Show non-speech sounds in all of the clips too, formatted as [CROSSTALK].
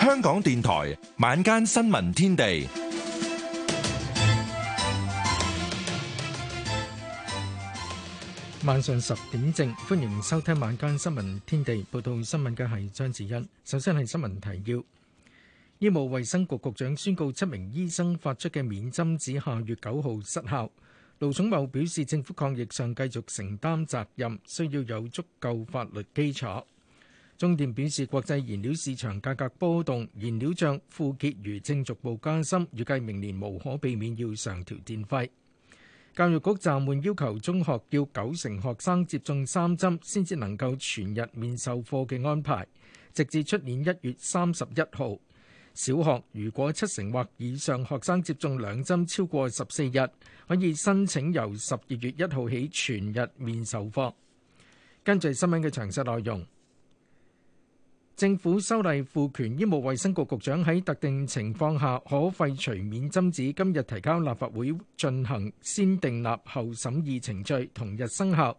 香港電台晚間新聞天地，晚上十點正，歡迎收聽晚間新聞天地。報道新聞嘅係張子欣，首先係新聞提要。醫務衛生局局長宣告，七名醫生發出嘅免針紙下月九號失效。盧寵茂表示，政府抗疫上繼續承擔責任，需要有足夠法律基礎。中電表示，國際燃料市場價格波動，燃料賬負結餘正逐步加深，預計明年無可避免要上調電費。教育局暫緩要求中學要九成學生接種三針，先至能夠全日面授課嘅安排，直至出年一月三十一號。小學如果七成或以上學生接種兩針超過十四日，可以申請由十二月一號起全日面授課。跟住新聞嘅詳細內容，政府修例賦權醫務衛生局局長喺特定情況下可廢除免針紙，今日提交立法會進行先訂立後審議程序，同日生效。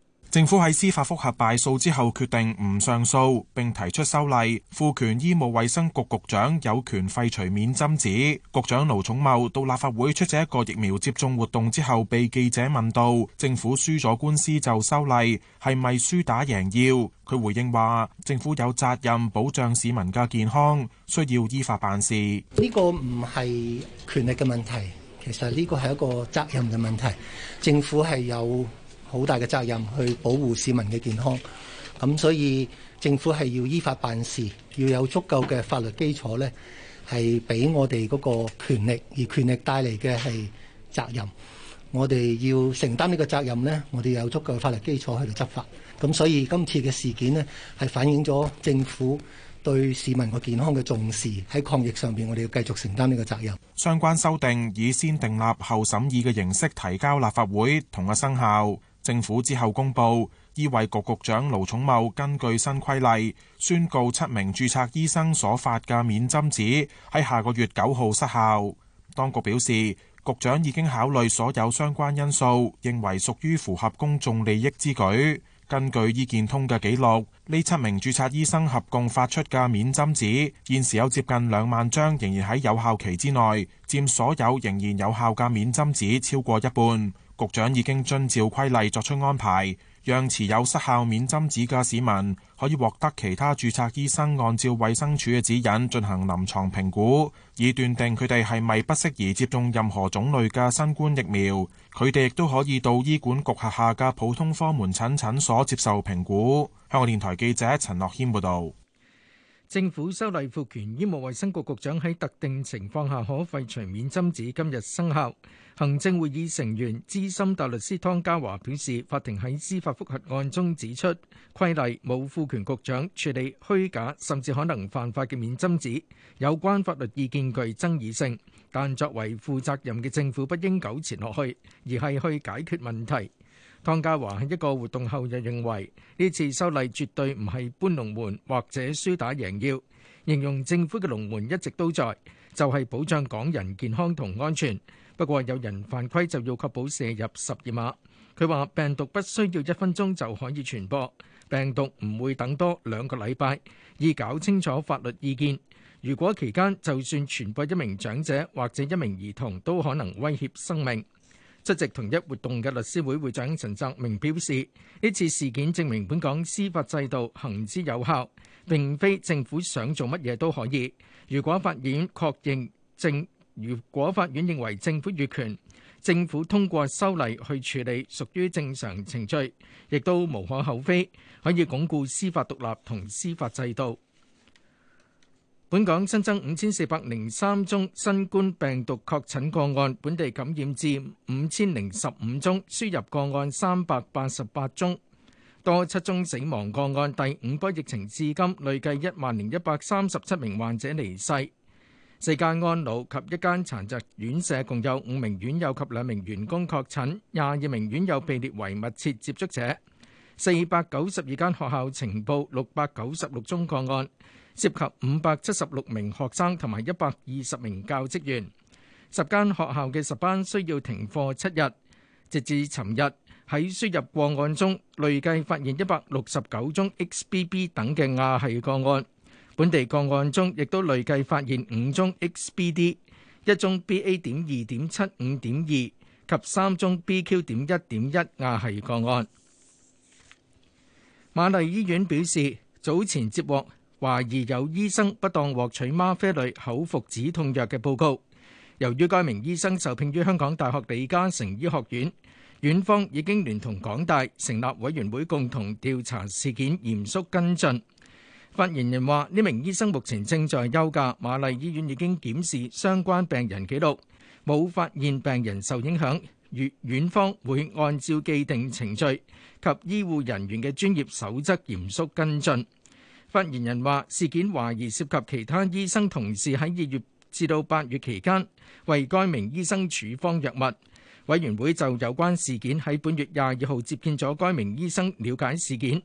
政府喺司法覆核敗訴之後，決定唔上訴，並提出修例。賦權醫務衛生局局長有權廢除免針紙。局長盧寵茂到立法會出席一個疫苗接種活動之後，被記者問到：政府輸咗官司就修例，係咪輸打贏要？佢回應話：政府有責任保障市民嘅健康，需要依法辦事。呢個唔係權力嘅問題，其實呢個係一個責任嘅問題。政府係有好大嘅責任去保護市民嘅健康，咁所以政府係要依法辦事，要有足夠嘅法律基礎咧，係俾我哋嗰個權力，而權力帶嚟嘅係責任。我哋要承擔呢個責任咧，我哋有足夠嘅法律基礎去到執法。咁所以今次嘅事件咧，係反映咗政府對市民個健康嘅重視，喺抗疫上邊，我哋要繼續承擔呢個責任。相關修訂以先訂立後審議嘅形式提交立法會同阿生效。政府之後公布，醫衛局局長盧寵茂根據新規例，宣告七名註冊醫生所發嘅免針紙喺下個月九號失效。當局表示，局長已經考慮所有相關因素，認為屬於符合公眾利益之舉。根據醫健通嘅記錄，呢七名註冊醫生合共發出嘅免針紙，現時有接近兩萬張仍然喺有效期之內，佔所有仍然有效嘅免針紙超過一半。局長已經遵照規例作出安排，讓持有失效免針紙嘅市民可以獲得其他注冊醫生按照衛生署嘅指引進行臨床評估，以斷定佢哋係咪不適宜接種任何種類嘅新冠疫苗。佢哋亦都可以到醫管局轄下嘅普通科門診診所接受評估。香港電台記者陳樂謙報道。政府修例賦權醫務衛生局局,局長喺特定情況下可廢除免針紙，今日生效。行政會議成員資深大律師湯家驊表示，法庭喺司法覆核案中指出規例冇賦權局長處理虛假甚至可能犯法嘅免針紙，有關法律意見具爭議性。但作為負責任嘅政府，不應糾纏落去，而係去解決問題。湯家驊喺一個活動後又認為，呢次修例絕對唔係搬龍門或者輸打贏要，形容政府嘅龍門一直都在，就係保障港人健康同安全。不過有人犯規就要確保射入十二碼。佢話病毒不需要一分鐘就可以傳播，病毒唔會等多兩個禮拜，以搞清楚法律意見。如果期間就算傳播一名長者或者一名兒童，都可能威脅生命。出席同一活動嘅律師會會長陳澤明表示，呢次事件證明本港司法制度行之有效，並非政府想做乜嘢都可以。如果法院確認正如果法院認為政府越權，政府通過修例去處理屬於正常程序，亦都無可厚非，可以鞏固司法獨立同司法制度。本港新增五千四百零三宗新冠病毒確診個案，本地感染佔五千零十五宗，輸入個案三百八十八宗，多七宗死亡個案。第五波疫情至今累計一萬零一百三十七名患者離世。四間安老及一間殘疾院舍共有五名院友及兩名員工確診，廿二名院友被列為密切接觸者。四百九十二間學校呈報六百九十六宗個案，涉及五百七十六名學生同埋一百二十名教職員。十間學校嘅十班需要停課七日。直至尋日，喺輸入個案中累計發現一百六十九宗 XBB 等嘅亞係個案。本地個案中，亦都累計發現五宗 XBD、一宗 BA. 點二點七五點二及三宗 BQ. 點一點一亞系個案。瑪麗醫院表示，早前接獲懷疑有醫生不當獲取嗎啡類口服止痛藥嘅報告。由於該名醫生受聘於香港大學李嘉誠醫學院，院方已經聯同港大成立委員會，共同調查事件，嚴肅跟進。發言人話：呢名醫生目前正在休假，瑪麗醫院已經檢視相關病人記錄，冇發現病人受影響。院方會按照既定程序及醫護人員嘅專業守則嚴肅跟進。發言人話：事件懷疑涉及其他醫生同事喺二月至到八月期間為該名醫生處方藥物。委員會就有關事件喺本月廿二號接見咗該名醫生，了解事件。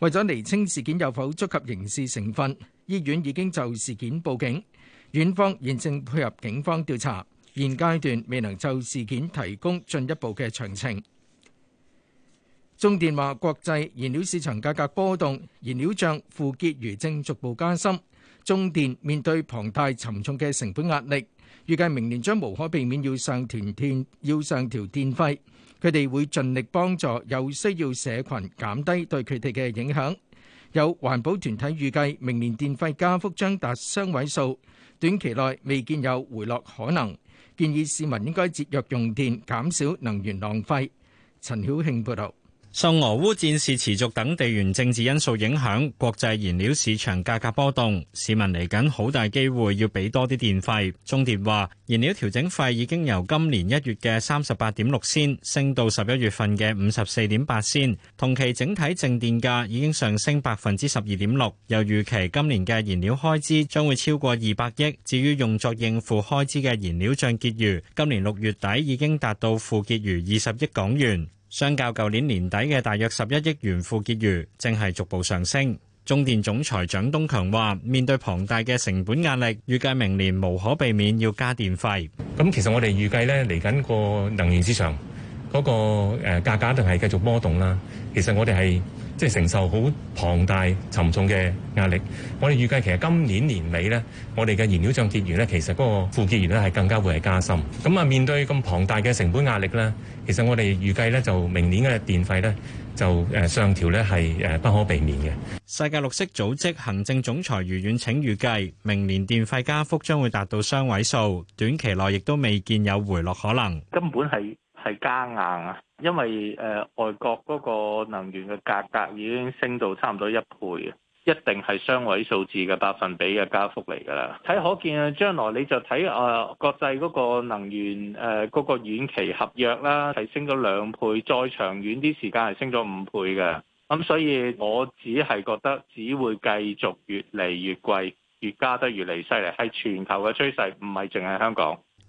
為咗釐清事件有否觸及刑事成分，醫院已經就事件報警，院方現正配合警方調查，現階段未能就事件提供進一步嘅詳情。中電話國際燃料市場價格波動，燃料漲負結餘正逐步加深，中電面對龐大沉重嘅成本壓力，預計明年將無可避免要上電電，要上調電費。佢哋會盡力幫助有需要社群減低對佢哋嘅影響。有環保團體預計，明年電費加幅將達雙位數，短期內未見有回落可能。建議市民應該節約用電，減少能源浪費。陳曉慶報道。受俄烏戰事持續等地緣政治因素影響，國際燃料市場價格波動，市民嚟緊好大機會要俾多啲電費。中電話燃料調整費已經由今年一月嘅三十八點六仙升到十一月份嘅五十四點八仙，同期整體淨電價已經上升百分之十二點六。又預期今年嘅燃料開支將會超過二百億。至於用作應付開支嘅燃料帳結餘，今年六月底已經達到負結餘二十億港元。相較舊年年底嘅大約十一億元負結餘，正係逐步上升。中電總裁蔣東強話，面對龐大嘅成本壓力，預計明年無可避免要加電費。咁其實我哋預計呢，嚟緊個能源市場嗰個誒價格，定係繼續波動啦。其實我哋係。即係承受好龐大沉重嘅壓力，我哋預計其實今年年尾呢，我哋嘅燃料賬結餘呢，其實嗰個負結餘呢係更加會係加深。咁啊，面對咁龐大嘅成本壓力呢，其實我哋預計呢就明年嘅電費呢就誒上調呢係誒不可避免嘅。世界綠色組織行政總裁余遠騁預計明年電費加幅將會達到雙位數，短期內亦都未見有回落可能。根本係。係加硬啊，因為誒、呃、外國嗰個能源嘅價格、格已經升到差唔多一倍啊，一定係雙位數字嘅百分比嘅加幅嚟噶啦。睇可見啊，將來你就睇啊、呃、國際嗰個能源誒嗰、呃嗰個遠期合約啦，係升咗兩倍，再長遠啲時間係升咗五倍嘅。咁所以我只係覺得只會繼續越嚟越貴，越加得越嚟犀利，係全球嘅趨勢，唔係淨係香港。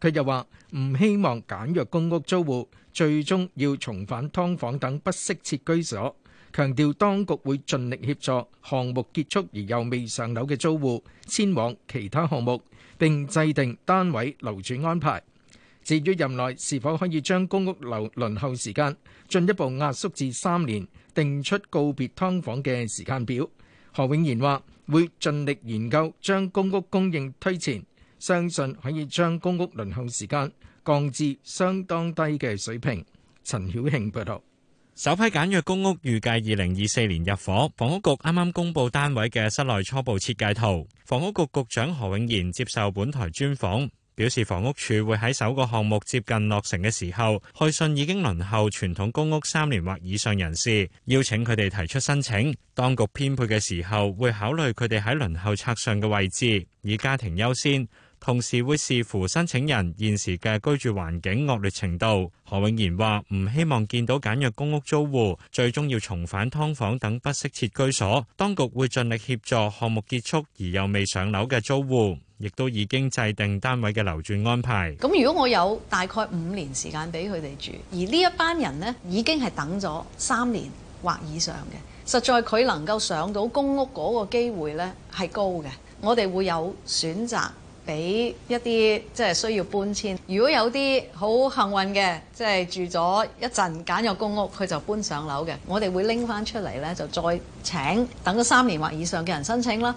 佢又話唔希望簡約公屋租戶最終要重返劏房等不適切居所，強調當局會盡力協助項目結束而又未上樓嘅租戶遷往其他項目，並制定單位流轉安排。至於任內是否可以將公屋留輪候時間進一步壓縮至三年，定出告別劏房嘅時間表，何永賢話會盡力研究將公屋供應推前。相信可以將公屋輪候時間降至相當低嘅水平。陳曉慶報導，首批簡約公屋預計二零二四年入伙。房屋局啱啱公布單位嘅室內初步設計圖。房屋局局長何永賢接受本台專訪，表示房屋署會喺首個項目接近落成嘅時候，去信已經輪候傳統公屋三年或以上人士，邀請佢哋提出申請。當局編配嘅時候會考慮佢哋喺輪候冊上嘅位置，以家庭優先。同時會視乎申請人現時嘅居住環境惡劣程度。何永賢話：唔希望見到簡約公屋租戶最終要重返劏房等不適切居所。當局會盡力協助項目結束而又未上樓嘅租戶，亦都已經制定單位嘅流轉安排。咁如果我有大概五年時間俾佢哋住，而呢一班人呢已經係等咗三年或以上嘅，實在佢能夠上到公屋嗰個機會呢係高嘅。我哋會有選擇，俾一啲即係需要搬遷，如果有啲好幸運嘅，即係住咗一陣揀咗公屋，佢就搬上樓嘅。我哋會拎翻出嚟呢就再請等咗三年或以上嘅人申請啦。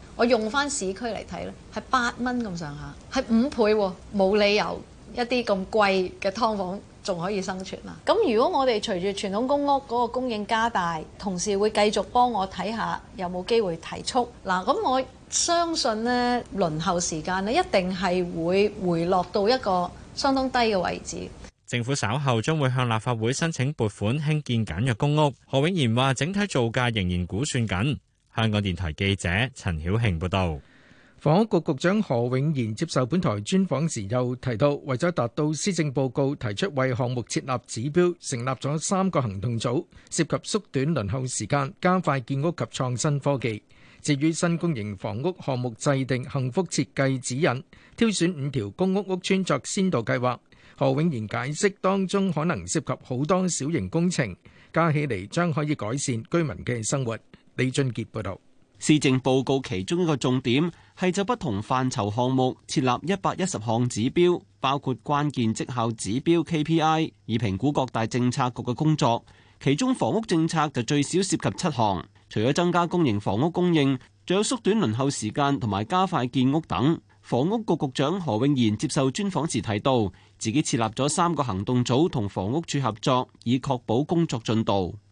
我用翻市區嚟睇咧，係八蚊咁上下，係五倍，冇理由一啲咁貴嘅劏房仲可以生存啊！咁如果我哋隨住傳統公屋嗰個供應加大，同時會繼續幫我睇下有冇機會提速嗱，咁我相信咧輪候時間咧一定係會回落到一個相當低嘅位置。政府稍後將會向立法會申請撥款興建簡約公屋。何永賢話：整體造價仍然估算緊。香港電台記者陳曉慶報道，房屋局局長何永賢接受本台專訪時又提到，為咗達到施政報告提出為項目設立指標，成立咗三個行動組，涉及縮短輪候時間、加快建屋及創新科技。至於新公營房屋項目制定幸福設計指引，挑選五條公屋屋邨作先導計劃，何永賢解釋當中可能涉及好多小型工程，加起嚟將可以改善居民嘅生活。李俊杰報道，施政報告其中一個重點係就不同範疇項目設立一百一十項指標，包括關鍵績效指標 KPI，以評估各大政策局嘅工作。其中房屋政策就最少涉及七項，除咗增加公營房屋供應，仲有縮短輪候時間同埋加快建屋等。房屋局局長何永賢接受專訪時提到，自己設立咗三個行動組同房屋處合作，以確保工作進度。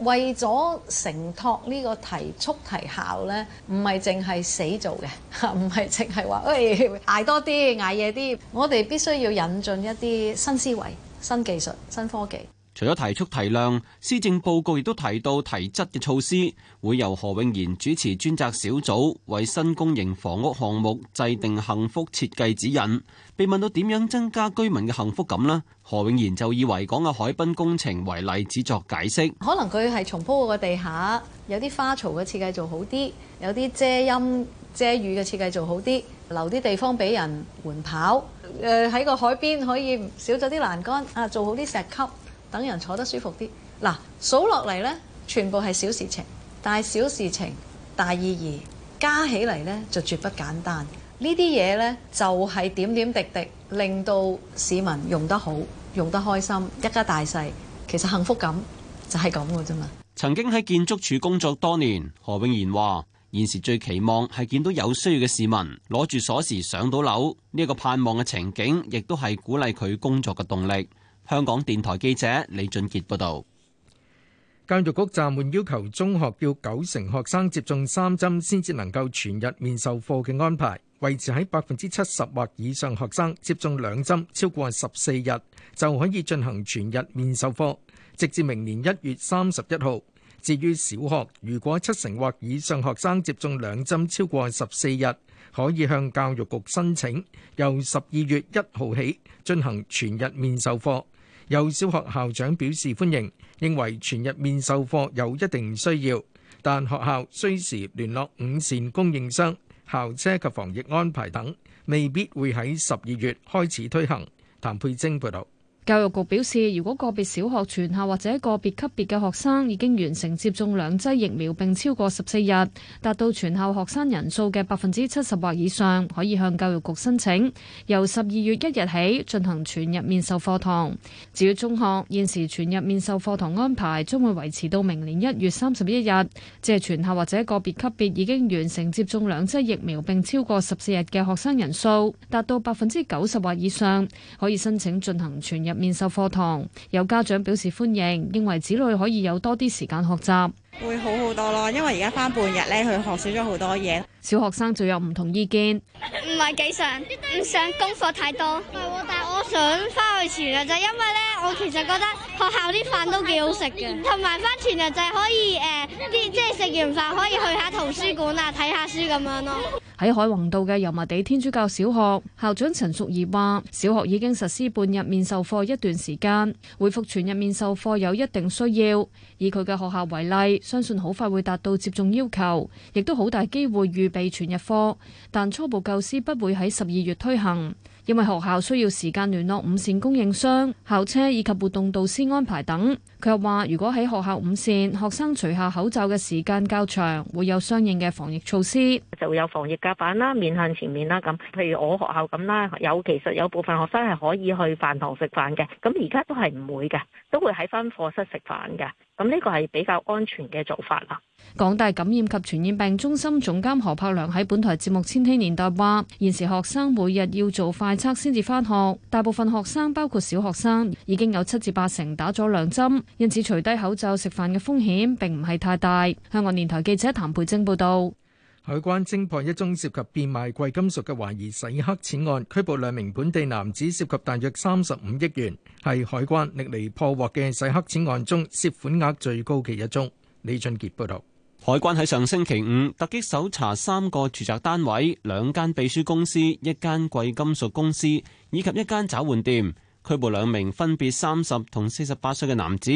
為咗承託呢個提速提效呢，唔係淨係死做嘅，唔係淨係話，哎捱多啲捱夜啲，我哋必須要引進一啲新思維、新技術、新科技。除咗提速提量，施政報告亦都提到提質嘅措施，會由何永賢主持專責小組，為新公營房屋項目制定幸福設計指引。被問到點樣增加居民嘅幸福感咧，何永賢就以維港嘅海濱工程為例子作解釋，可能佢係重鋪個地下，有啲花槽嘅設計做好啲，有啲遮陰遮雨嘅設計做好啲，留啲地方俾人緩跑。誒，喺個海邊可以少咗啲欄杆啊，做好啲石級。等人坐得舒服啲，嗱數落嚟咧，全部係小事情，但係小事情大意義加起嚟咧就絕不簡單呢啲嘢咧就係點點滴滴，令到市民用得好、用得開心，一家大細其實幸福感就係咁嘅啫嘛。曾經喺建築署工作多年，何永賢話現時最期望係見到有需要嘅市民攞住鎖匙上到樓呢一個盼望嘅情景，亦都係鼓勵佢工作嘅動力。香港電台記者李俊杰報道，教育局暫緩要求中學要九成學生接種三針先至能夠全日面授課嘅安排，維持喺百分之七十或以上學生接種兩針超過十四日就可以進行全日面授課，直至明年一月三十一號。至於小學，如果七成或以上學生接種兩針超過十四日，可以向教育局申請，由十二月一號起進行全日面授課。有小學校長表示歡迎，認為全日面授課有一定需要，但學校需時聯絡五線供應商、校車及防疫安排等，未必會喺十二月開始推行。譚佩晶報道。教育局表示，如果個別小學全校或者個別級別嘅學生已經完成接種兩劑疫苗並超過十四日，達到全校學生人數嘅百分之七十或以上，可以向教育局申請由十二月一日起進行全日面授課堂。至於中學，現時全日面授課堂安排將會維持到明年一月三十一日。即係全校或者個別級別已經完成接種兩劑疫苗並超過十四日嘅學生人數達到百分之九十或以上，可以申請進行全日。面授課堂，有家長表示歡迎，認為子女可以有多啲時間學習，會好好多咯。因為而家翻半日咧，佢學少咗好多嘢。小學生就有唔同意見，唔係幾想，唔想功課太多。 [LAUGHS] 但係我想翻去全日，就因為咧，我其實覺得學校啲飯都幾好食嘅，同埋翻全日就係可以誒，啲、呃、即係食完飯可以去下圖書館啊，睇下書咁樣咯。喺海泓道嘅油麻地天主教小學校長陳淑儀話，小學已經實施半日面授課一段時間，回復全日面授課有一定需要。以佢嘅學校為例，相信好快會達到接種要求，亦都好大機會預備全日課。但初步教師不會喺十二月推行。因為學校需要時間聯絡午膳供應商、校車以及活動導師安排等。佢又話：如果喺學校午膳，學生除下口罩嘅時間較長，會有相應嘅防疫措施，就會有防疫隔板啦、面向前面啦咁。譬如我學校咁啦，有其實有部分學生係可以去飯堂食飯嘅，咁而家都係唔會嘅，都會喺返課室食飯嘅。咁呢個係比較安全嘅做法啦。港大感染及傳染病中心總監何柏良喺本台節目《千禧年代》話：現時學生每日要做快。測先至返學，大部分學生包括小學生已經有七至八成打咗兩針，因此除低口罩食飯嘅風險，並唔係太大。香港電台記者譚培晶報道。海關偵破一宗涉及變賣貴金屬嘅懷疑洗黑錢案，拘捕兩名本地男子，涉及大約三十五億元，係海關歷嚟破獲嘅洗黑錢案中涉款額最高嘅一宗。李俊杰報道。海關喺上星期五突擊搜查三個住宅單位、兩間秘書公司、一間貴金屬公司以及一間找換店，拘捕兩名分別三十同四十八歲嘅男子。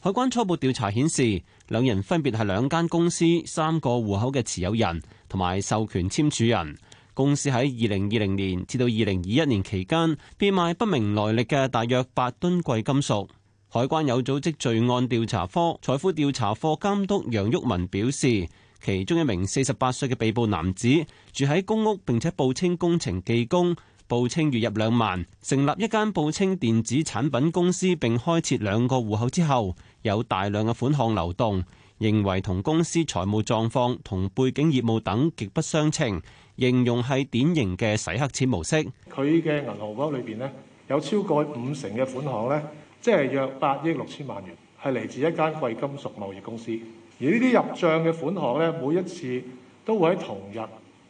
海關初步調查顯示，兩人分別係兩間公司三個戶口嘅持有人同埋授權簽署人。公司喺二零二零年至到二零二一年期間，變賣不明來歷嘅大約八噸貴金屬。海關有組織罪案調查科財富調查科監督楊旭文表示，其中一名48歲嘅被捕男子住喺公屋，並且報稱工程技工，報稱月入兩萬，成立一間報稱電子產品公司，並開設兩個戶口之後，有大量嘅款項流動，認為同公司財務狀況同背景業務等極不相稱，形容係典型嘅洗黑錢模式。佢嘅銀行包裏邊呢，有超過五成嘅款項呢。即係約八億六千萬元，係嚟自一間貴金屬貿易公司。而呢啲入帳嘅款項咧，每一次都會喺同日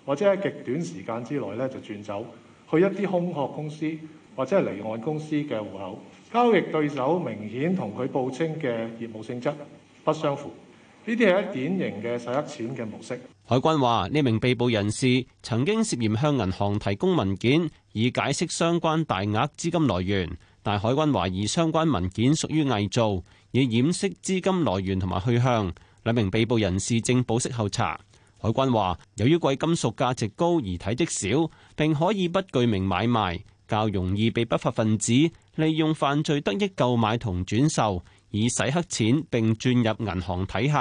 或者喺極短時間之內咧就轉走去一啲空殼公司或者係離岸公司嘅戶口。交易對手明顯同佢報稱嘅業務性質不相符。呢啲係一典型嘅洗黑錢嘅模式。海關話：呢名被捕人士曾經涉嫌向銀行提供文件，以解釋相關大額資金來源。但海關懷疑相關文件屬於偽造，以掩飾資金來源同埋去向。兩名被捕人士正保釋候查。海關話，由於貴金屬價值高而體積小，並可以不具名買賣，較容易被不法分子利用犯罪得益購買同轉售，以洗黑錢並轉入銀行體系。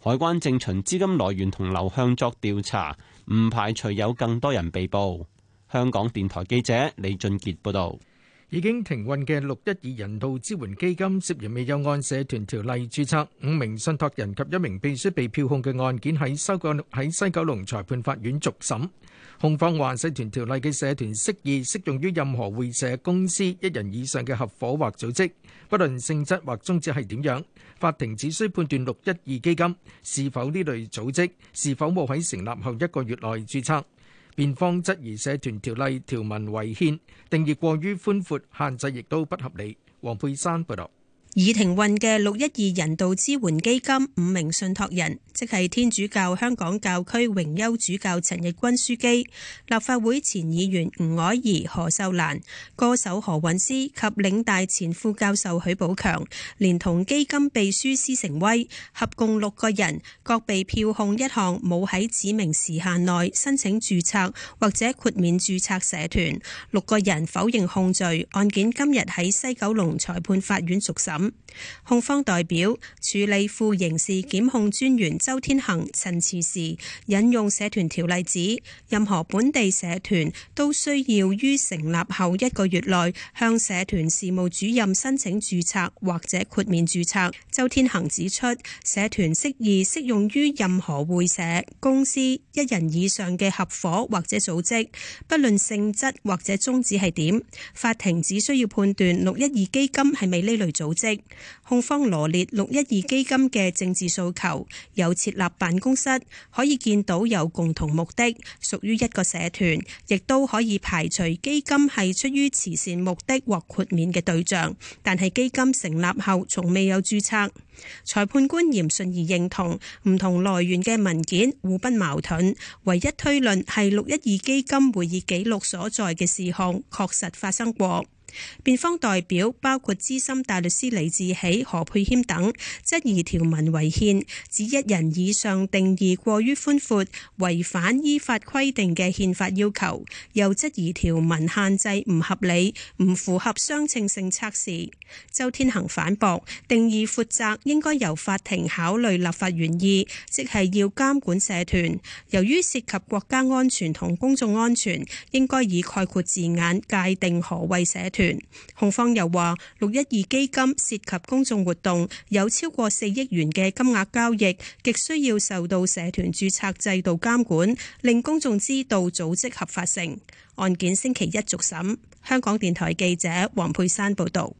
海關正循資金來源同流向作調查，唔排除有更多人被捕。香港電台記者李俊傑報道。已經停運嘅六一二人道支援基金涉嫌未有按社團條例注冊，五名信託人及一名秘書被票控嘅案件喺收過喺西九龍裁判法院續審。控方話，社團條例嘅社團釋義適用於任何會社、公司、一人以上嘅合伙或組織，不論性質或宗旨係點樣。法庭只需判斷六一二基金是否呢類組織，是否冇喺成立後一個月內注冊。辯方質疑社團條例條文違憲，定義過於寬闊，限制亦都不合理。黃佩珊報道。已停運嘅六一二人道支援基金五名信託人，即係天主教香港教區榮休主教陳日君樞機、立法會前議員吳靄儀、何秀蘭、歌手何韻詩及嶺大前副教授許寶強，連同基金秘書施成威，合共六個人，各被票控一項冇喺指明時限內申請注冊或者豁免注冊社團。六個人否認控罪，案件今日喺西九龍裁判法院續審。控方代表處理副刑事檢控專員周天恆陳詞時，引用社團條例指，任何本地社團都需要於成立後一個月內向社團事務主任申請註冊或者豁免註冊。周天恆指出，社團適宜適用於任何會社、公司、一人以上嘅合夥或者組織，不論性質或者宗旨係點。法庭只需要判斷六一二基金係咪呢類組織。控方羅列六一二基金嘅政治訴求，有設立辦公室，可以見到有共同目的，屬於一個社團，亦都可以排除基金係出於慈善目的或豁免嘅對象。但係基金成立後從未有注冊。裁判官嚴舜儀認同，唔同來源嘅文件互不矛盾，唯一推論係六一二基金會議記錄所在嘅事項確實發生過。辯方代表包括資深大律師李志喜、何佩謙等，質疑條文違憲，指一人以上定義過於寬闊，違反依法規定嘅憲法要求；又質疑條文限制唔合理，唔符合相稱性測試。周天恒反駁，定義闊窄應該由法庭考慮立法原意，即係要監管社團。由於涉及國家安全同公眾安全，應該以概括字眼界定何謂社團。控方又話，六一二基金涉及公眾活動，有超過四億元嘅金額交易，極需要受到社團注冊制度監管，令公眾知道組織合法性。案件星期一續審。香港電台記者黃佩珊報道。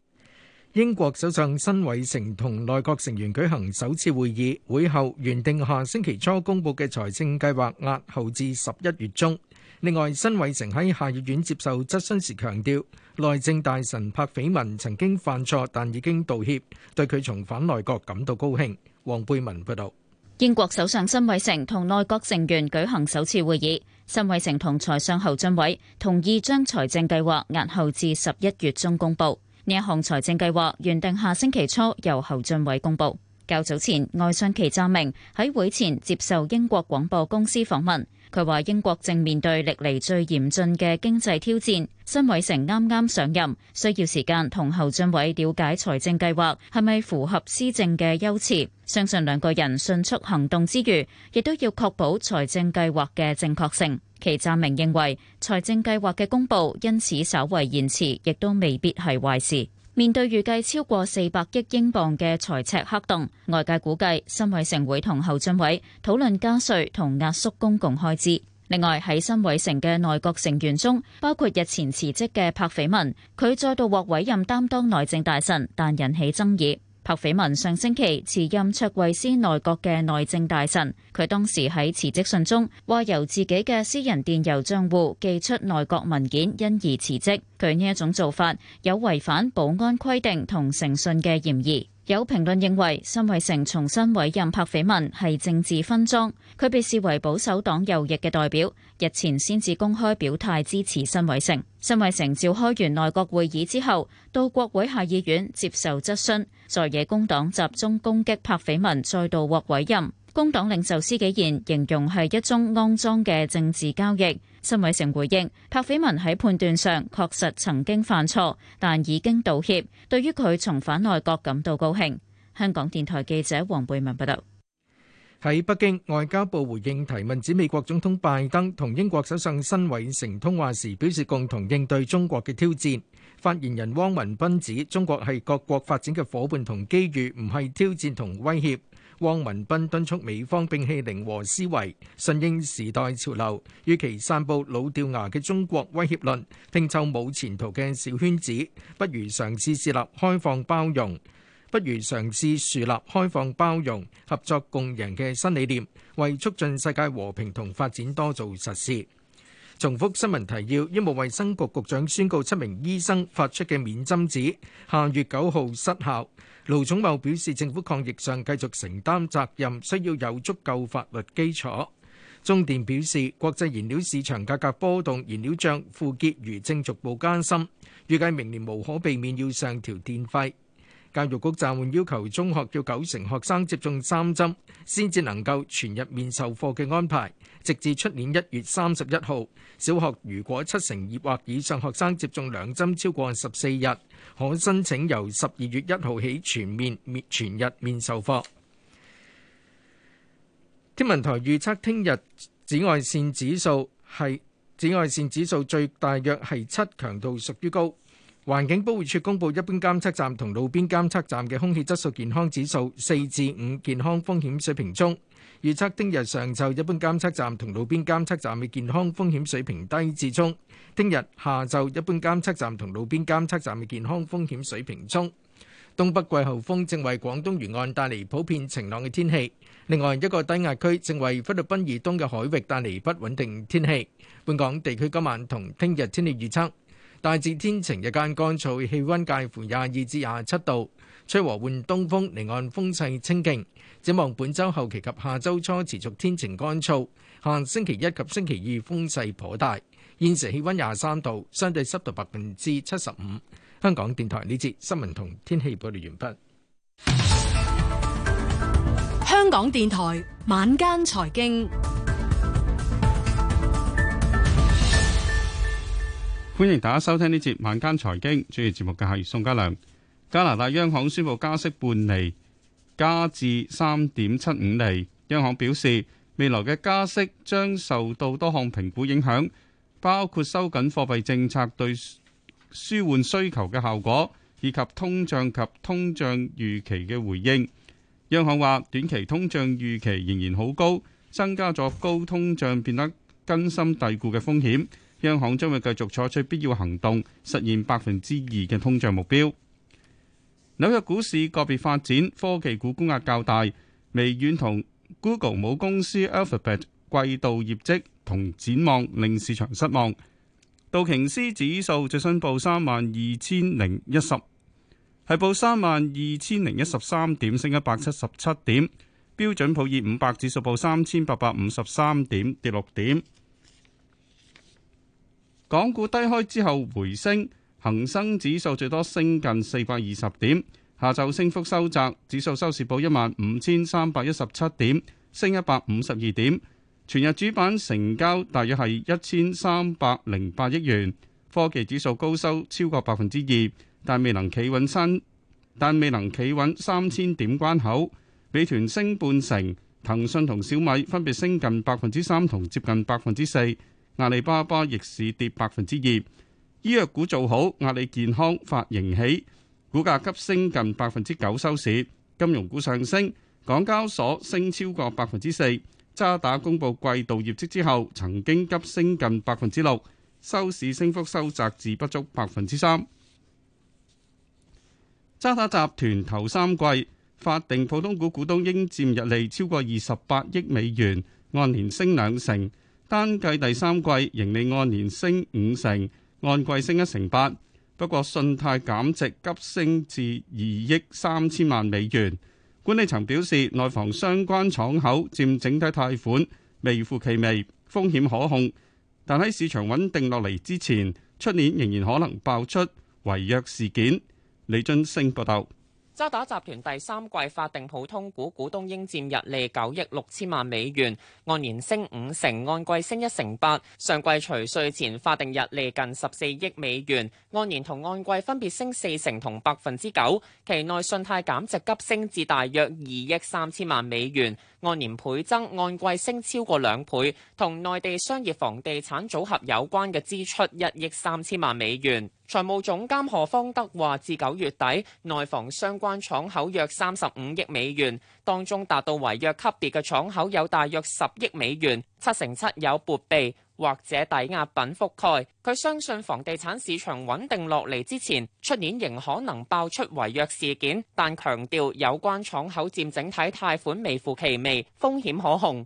英國首相辛偉誠同內閣成員舉行首次會議，會後原定下星期初公布嘅財政計劃押後至十一月中。另外，辛偉誠喺下議院接受質詢時強調，內政大臣柏斐文曾經犯錯，但已經道歉，對佢重返內閣感到高興。黃貝文報道，英國首相辛偉誠同內閣成員舉行首次會議，辛偉誠同財相侯俊偉同意將財政計劃押後至十一月中公佈。呢一項財政計劃原定下星期初由侯俊偉公佈。較早前，外相祈湛明喺會前接受英國廣播公司訪問。佢話英國正面對歷嚟最嚴峻嘅經濟挑戰。新委成啱啱上任，需要時間同侯俊偉了解財政計劃係咪符合施政嘅優次。相信兩個人迅速行動之餘，亦都要確保財政計劃嘅正確性。祁贊明認為財政計劃嘅公佈因此稍為延遲，亦都未必係壞事。面對預計超過四百億英鎊嘅財赤黑洞，外界估計辛偉誠會同侯俊偉討論加稅同壓縮公共開支。另外，喺辛偉誠嘅內閣成員中，包括日前辭職嘅柏斐文，佢再度獲委任擔當內政大臣，但引起爭議。帕斐文上星期辭任卓慧斯內閣嘅內政大臣，佢當時喺辭職信中話由自己嘅私人電郵賬戶寄出內閣文件，因而辭職。佢呢一種做法有違反保安規定同誠信嘅嫌疑。有評論認為，新維城重新委任柏斐文係政治分贓，佢被視為保守黨右翼嘅代表，日前先至公開表態支持新維城。新維城召開完內閣會議之後，到國會下議院接受質詢，在野工黨集中攻擊柏斐文再度獲委任，工黨領袖司紀賢形容係一宗骯髒嘅政治交易。新偉成回應：帕菲文喺判斷上確實曾經犯錯，但已經道歉。對於佢重返內閣感到高興。香港電台記者黃貝文報道。喺北京，外交部回應提問指，美國總統拜登同英國首相新偉成通話時，表示共同應對中國嘅挑戰。發言人汪文斌指，中國係各國發展嘅伙伴同機遇，唔係挑戰同威脅。汪文斌敦促美方摒棄零和思維，順應時代潮流，與其散佈老掉牙嘅中國威脅論，拼湊冇前途嘅小圈子，不如嘗試設立開放包容、不如嘗試樹立開放包容、合作共贏嘅新理念，為促進世界和平同發展多做實事。重複新聞提要，醫務衛生局局長宣告七名醫生發出嘅免針紙下月九號失效。盧寵茂表示，政府抗疫上繼續承擔責任，需要有足夠法律基礎。中電表示，國際燃料市場價格波動，燃料帳負結餘正逐步加深，預計明年無可避免要上調電費。教育局暫緩要求中學要九成學生接種三針，先至能夠全日面授課嘅安排。直至出年一月三十一號，小學如果七成二或以上學生接種兩針超過十四日，可申請由十二月一號起全面全日面授課。天文台預測聽日紫外線指數係紫外線指數最大約係七，強度屬於高。環境保護署公布一般監測站同路邊監測站嘅空氣質素健康指數四至五，健康風險水平中。預測聽日上晝一般監測站同路邊監測站嘅健康風險水平低至中，聽日下晝一般監測站同路邊監測站嘅健康風險水平中。東北季候風正為廣東沿岸帶嚟普遍晴朗嘅天氣，另外一個低壓區正為菲律賓以東嘅海域帶嚟不穩定天氣。本港地區今晚同聽日天氣預測，大致天晴，日間乾燥，氣溫介乎廿二至廿七度。吹和緩東風，離岸風勢清勁。展望本週後期及下周初持續天晴乾燥，下星期一及星期二風勢頗大。現時氣温廿三度，相對濕度百分之七十五。香港電台呢節新聞同天氣報道完畢。香港電台晚間財經，歡迎大家收聽呢節晚間財經，主持節目嘅係宋家良。加拿大央行宣布加息半厘，加至三點七五厘。央行表示，未來嘅加息將受到多項評估影響，包括收緊貨幣政策對舒緩需求嘅效果，以及通脹及通脹預期嘅回應。央行話，短期通脹預期仍然好高，增加咗高通脹變得根深蒂固嘅風險。央行將會繼續採取必要行動，實現百分之二嘅通脹目標。紐約股市個別發展，科技股沽壓較大。微軟同 Google 母公司 Alphabet 季度業績同展望令市場失望。道瓊斯指數最新報三萬二千零一十，係報三萬二千零一十三點，升一百七十七點。標準普爾五百指數報三千八百五十三點，跌六點。港股低開之後回升。恒生指數最多升近四百二十點，下晝升幅收窄，指數收市報一萬五千三百一十七點，升一百五十二點。全日主板成交大約係一千三百零八億元。科技指數高收超過百分之二，但未能企穩新，但未能企穩三千點關口。美團升半成，騰訊同小米分別升近百分之三同接近百分之四，阿里巴巴逆市跌百分之二。醫藥股做好，阿里健康發盈喜，股價急升近百分之九收市。金融股上升，港交所升超過百分之四。渣打公布季度業績之後，曾經急升近百分之六，收市升幅收窄至不足百分之三。渣打集團頭三季法定普通股股東應佔溢利超過二十八億美元，按年升兩成。單計第三季盈利按年升五成。按季升一成八，不過信貸減值急升至二億三千萬美元。管理層表示，內房相關敞口佔整體貸款微乎其微，風險可控。但喺市場穩定落嚟之前，出年仍然可能爆出違約事件。李津升報道。渣打集團第三季法定普通股股東應佔溢利九億六千萬美元，按年升五成，按季升一成八。上季除稅前法定溢利近十四億美元，按年同按季分別升四成同百分之九。期內信貸減值急升至大約二億三千萬美元，按年倍增，按季升超過兩倍。同內地商業房地產組合有關嘅支出一億三千萬美元。財務總監何方德話，至九月底內房相關廠口約三十五億美元，當中達到違約級別嘅廠口有大約十億美元，七成七有撥備。或者抵押品覆蓋，佢相信房地產市場穩定落嚟之前，出年仍可能爆出違約事件，但強調有關敞口占整體貸款微乎其微，風險可控。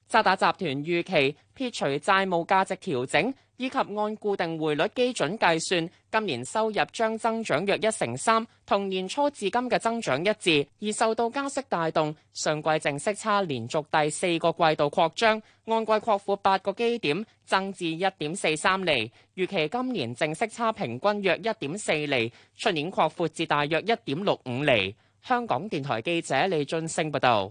渣打集團預期撇除債務價值調整，以及按固定匯率基準計算，今年收入將增長約一成三，同年初至今嘅增長一致。而受到加息帶動，上季淨息差連續第四個季度擴張，按季擴闊八個基點，增至一點四三厘。預期今年淨息差平均約一點四厘，出年擴闊至大約一點六五厘。香港電台記者李俊升報道。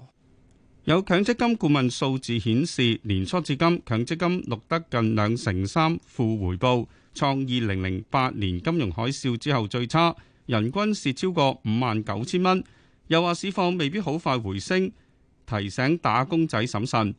有強積金顧問數字顯示，年初至今強積金錄得近兩成三負回報，創二零零八年金融海嘯之後最差，人均蝕超過五萬九千蚊。又話市況未必好快回升，提醒打工仔審慎。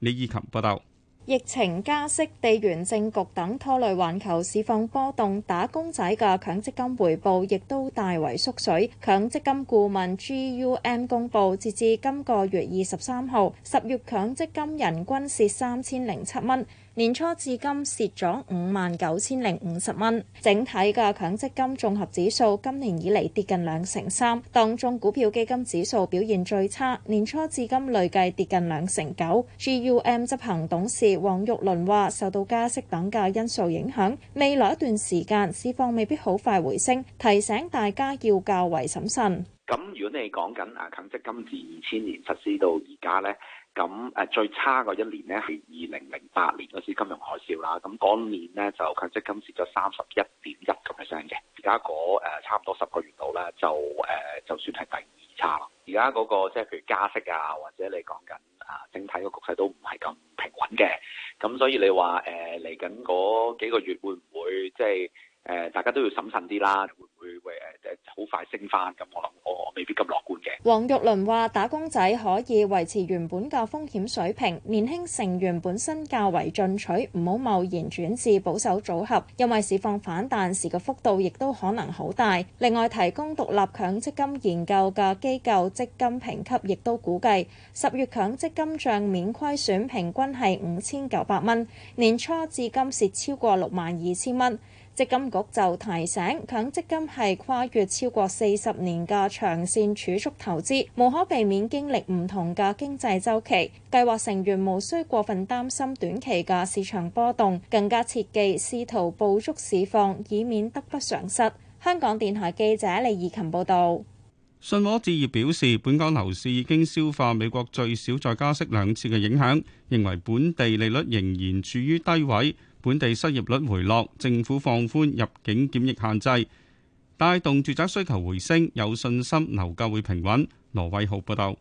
李以琴報道。疫情加息、地緣政局等拖累環球市況波動，打工仔嘅強積金回報亦都大為縮水。強積金顧問 GUM 公佈，截至今個月二十三號，十月強積金人均蝕三千零七蚊。年初至今蝕咗五萬九千零五十蚊，整體嘅強積金綜合指數今年以嚟跌近兩成三，當中股票基金指數表現最差，年初至今累計跌近兩成九。GUM 執行董事黃玉麟話：受到加息等嘅因素影響，未來一段時間市況未必好快回升，提醒大家要較為審慎。咁如果你講緊啊，強積金自二千年實施到而家呢，咁誒最差嗰一年呢係二零零八年嗰時金融海嘯啦。咁嗰年呢就強積金蝕咗三十一點一咁嘅 percent 嘅。而家嗰差唔多十個月度呢就誒就算係第二差。而家嗰個即係譬如加息啊，或者你講緊啊整體個局勢都唔係咁平穩嘅。咁所以你話誒嚟緊嗰幾個月會唔會即係？就是誒，大家都要審慎啲啦，會唔會為誒好快升翻？咁可能我未必咁樂觀嘅。黃玉麟話：打工仔可以維持原本嘅風險水平，年輕成員本身較為進取，唔好貿然轉至保守組合，因為市況反彈時嘅幅度亦都可能好大。另外，提供獨立強積金研究嘅機構積金評級亦都估計，十月強積金帳面虧損平均係五千九百蚊，年初至今蝕超過六萬二千蚊。積金局就提醒，強積金係跨越超過四十年嘅長線儲蓄投資，無可避免經歷唔同嘅經濟周期。計劃成員無需過分擔心短期嘅市場波動，更加切忌試圖捕捉市況，以免得不償失。香港電台記者李怡琴報道。信和置業表示，本港樓市已經消化美國最少再加息兩次嘅影響，認為本地利率仍然處於低位，本地失業率回落，政府放寬入境檢疫限制，帶動住宅需求回升，有信心樓價會平穩。羅偉豪報道。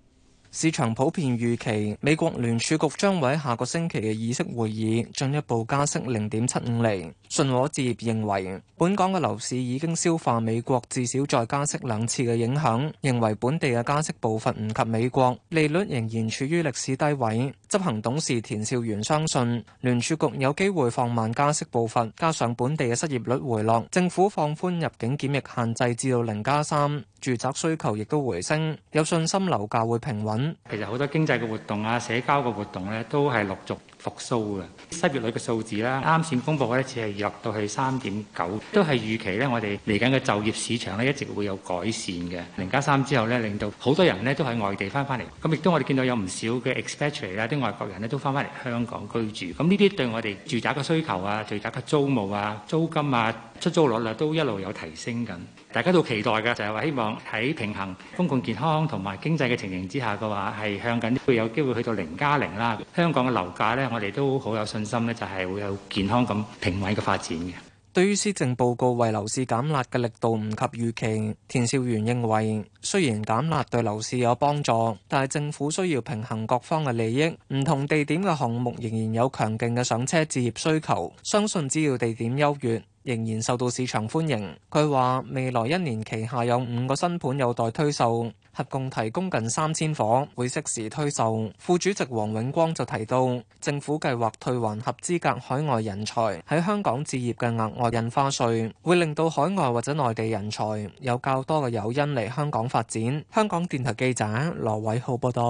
市場普遍預期美國聯儲局將會喺下個星期嘅議息會議進一步加息零點七五厘。信和置業認為本港嘅樓市已經消化美國至少再加息兩次嘅影響，認為本地嘅加息步伐唔及美國利率仍然處於歷史低位。執行董事田兆源相信，聯儲局有機會放慢加息步伐，加上本地嘅失業率回落，政府放寬入境檢疫限制至到零加三，3, 住宅需求亦都回升，有信心樓價會平穩。咁其實好多經濟嘅活動啊、社交嘅活動咧，都係陸續復甦嘅。失業率嘅數字啦，啱先公布嘅一次係入到去三點九，都係預期咧，我哋嚟緊嘅就業市場咧一直會有改善嘅。零加三之後咧，令到好多人咧都喺外地翻返嚟，咁亦都我哋見到有唔少嘅 expatriate 啦，啲外國人咧都翻返嚟香港居住，咁呢啲對我哋住宅嘅需求啊、住宅嘅租務啊、租金啊，出租率啦，都一路有提升緊，大家都期待嘅就係話希望喺平衡公共健康同埋經濟嘅情形,之下嘅話，係向緊會有機會去到零加零啦。香港嘅樓價咧，我哋都好有信心咧，就係會有健康咁平穩嘅發展嘅。對於施政報告為樓市減壓嘅力度唔及預期，田少元認為雖然減壓對樓市有幫助，但係政府需要平衡各方嘅利益。唔同地點嘅項目仍然有強勁嘅上車置業需求，相信只要地點優越。仍然受到市場歡迎。佢話未來一年旗下有五個新盤有待推售，合共提供近三千伙，會適時推售。副主席王永光就提到，政府計劃退還合資格海外人才喺香港置業嘅額外印花稅，會令到海外或者內地人才有較多嘅誘因嚟香港發展。香港電台記者羅偉浩報道。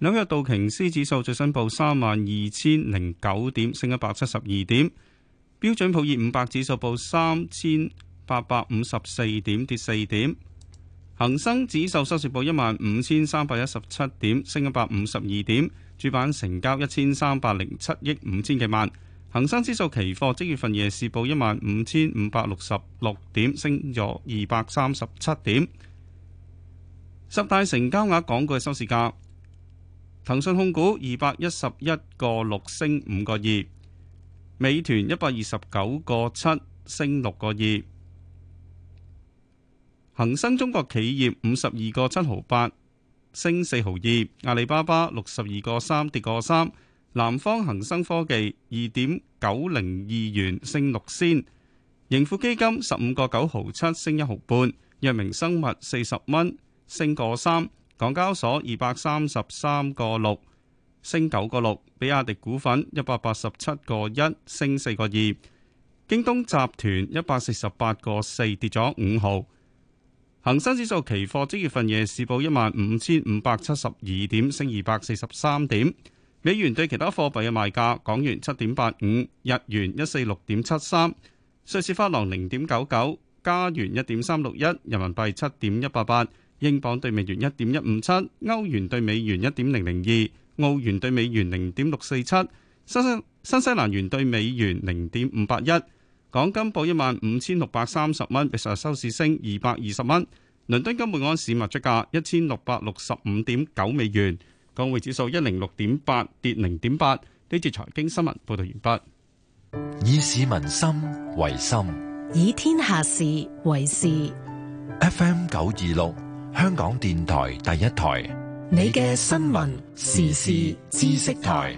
紐約道瓊斯指數最新報三萬二千零九點，升一百七十二點。標準普爾五百指數報三千八百五十四點，跌四點。恒生指數收市報一萬五千三百一十七點，升一百五十二點。主板成交一千三百零七億五千幾萬。恒生指數期貨即月份夜市報一萬五千五百六十六點，升咗二百三十七點。十大成交額港股嘅收市價，騰訊控股二百一十一個六升五個二。美團一百二十九個七升六個二，恒生中國企業五十二個七毫八升四毫二，阿里巴巴六十二個三跌個三，南方恒生科技二點九零二元升六仙，盈富基金十五個九毫七升一毫半，藥明生物四十蚊升個三，港交所二百三十三個六，升九個六，比亞迪股份一百八十七個一升四個二，京東集團一百四十八個四跌咗五號。恒生指數期貨即月份夜市報一萬五千五百七十二點，升二百四十三點。美元對其他貨幣嘅賣價：港元七點八五，日元一四六點七三，瑞士法郎零點九九，加元一點三六一，人民幣七點一八八，英鎊對美元一點一五七，歐元對美元一點零零二。澳元兌美元零點六四七，新西新西蘭元兌美元零點五八一，港金報一萬五千六百三十蚊，比上日收市升二百二十蚊。倫敦金每盎司賣出價一千六百六十五點九美元，港匯指數一零六點八跌零點八。呢節財經新聞報道完畢，以市民心為心，以天下事為事。FM 九二六，香港電台第一台。你嘅新聞時事知識台。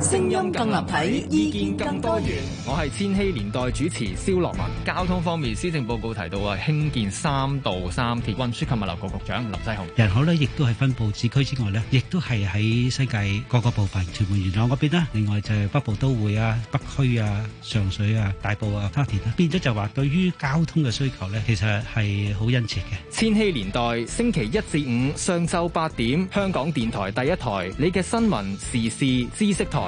聲音更立體，意見更多元。我係千禧年代主持蕭樂文。交通方面，施政報告提到啊，興建三鐵三路。運輸及物流局局長林世雄。人口咧，亦都係分布市區之外咧，亦都係喺世界各個部分，屯門、元朗嗰邊啦。另外就係北部都會啊、北區啊、上水啊、大埔啊、沙田啦、啊，變咗就話對於交通嘅需求咧，其實係好殷切嘅。千禧年代星期一至五上晝八點，香港電台第一台，你嘅新聞時事知識台。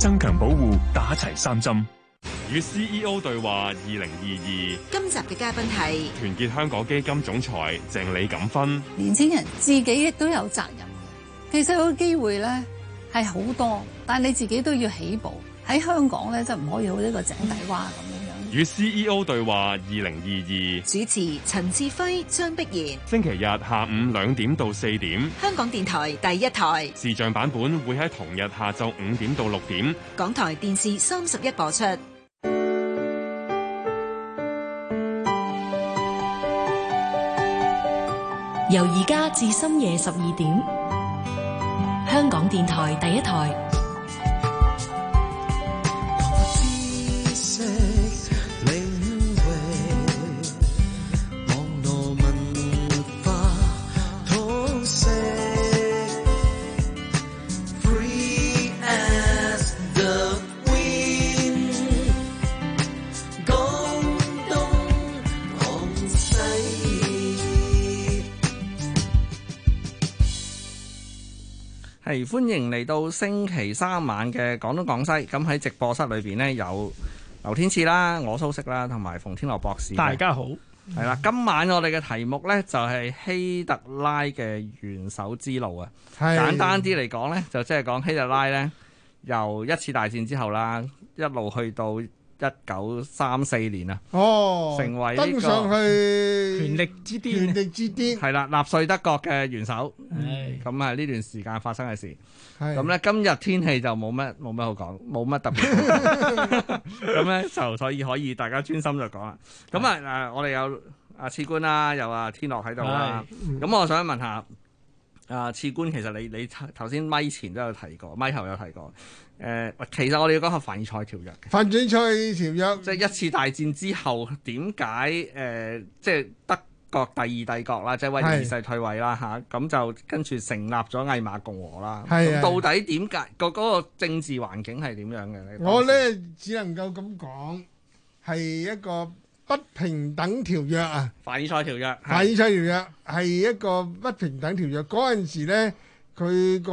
增強保護，打齊三針。與 CEO 對話二零二二，今集嘅嘉賓係團結香港基金總裁鄭李錦芬。年輕人自己亦都有責任，其實個機會咧係好多，但係你自己都要起步喺香港咧，就唔可以好呢個井底蛙咁。嗯與 CEO 對話二零二二，主持陳志輝、張碧然。星期日下午兩點到四點，香港電台第一台。視像版本會喺同日下晝五點到六點，港台電視三十一播出。由而家至深夜十二點，香港電台第一台。係歡迎嚟到星期三晚嘅廣東廣西，咁喺直播室裏邊咧有劉天賜啦、我蘇軾啦，同埋馮天樂博士。大家好，係啦，今晚我哋嘅題目呢，就係希特拉嘅元首之路啊。的簡單啲嚟講呢，就即係講希特拉呢，由一次大戰之後啦，一路去到。一九三四年啊，哦，成為登上去權力之巔，權力之巔係啦，納粹德國嘅元首。咁啊呢段時間發生嘅事，咁咧是、嗯、今日天，天氣就冇乜冇乜好講，冇乜特別。咁咧就所以可以大家專心就講啦。咁啊誒，我哋有啊次官啦、啊，有啊天樂喺度啦。咁是、嗯、我想問下啊、呃、次官，其實你你頭先咪前都有提過，咪後有提過。誒、呃，其實我哋要講下凡爾賽條約。凡爾賽條約，即係一次大戰之後，點解誒，即係德國第二帝國啦，即係威二世退位啦嚇，咁是、啊、就跟住成立咗魏馬共和啦。係的到底點解個嗰個政治環境係點樣嘅？我咧呢時只能夠咁講，係一個不平等條約啊。凡爾賽條約，凡爾賽條約係一個不平等條約。嗰陣時咧，佢、那。個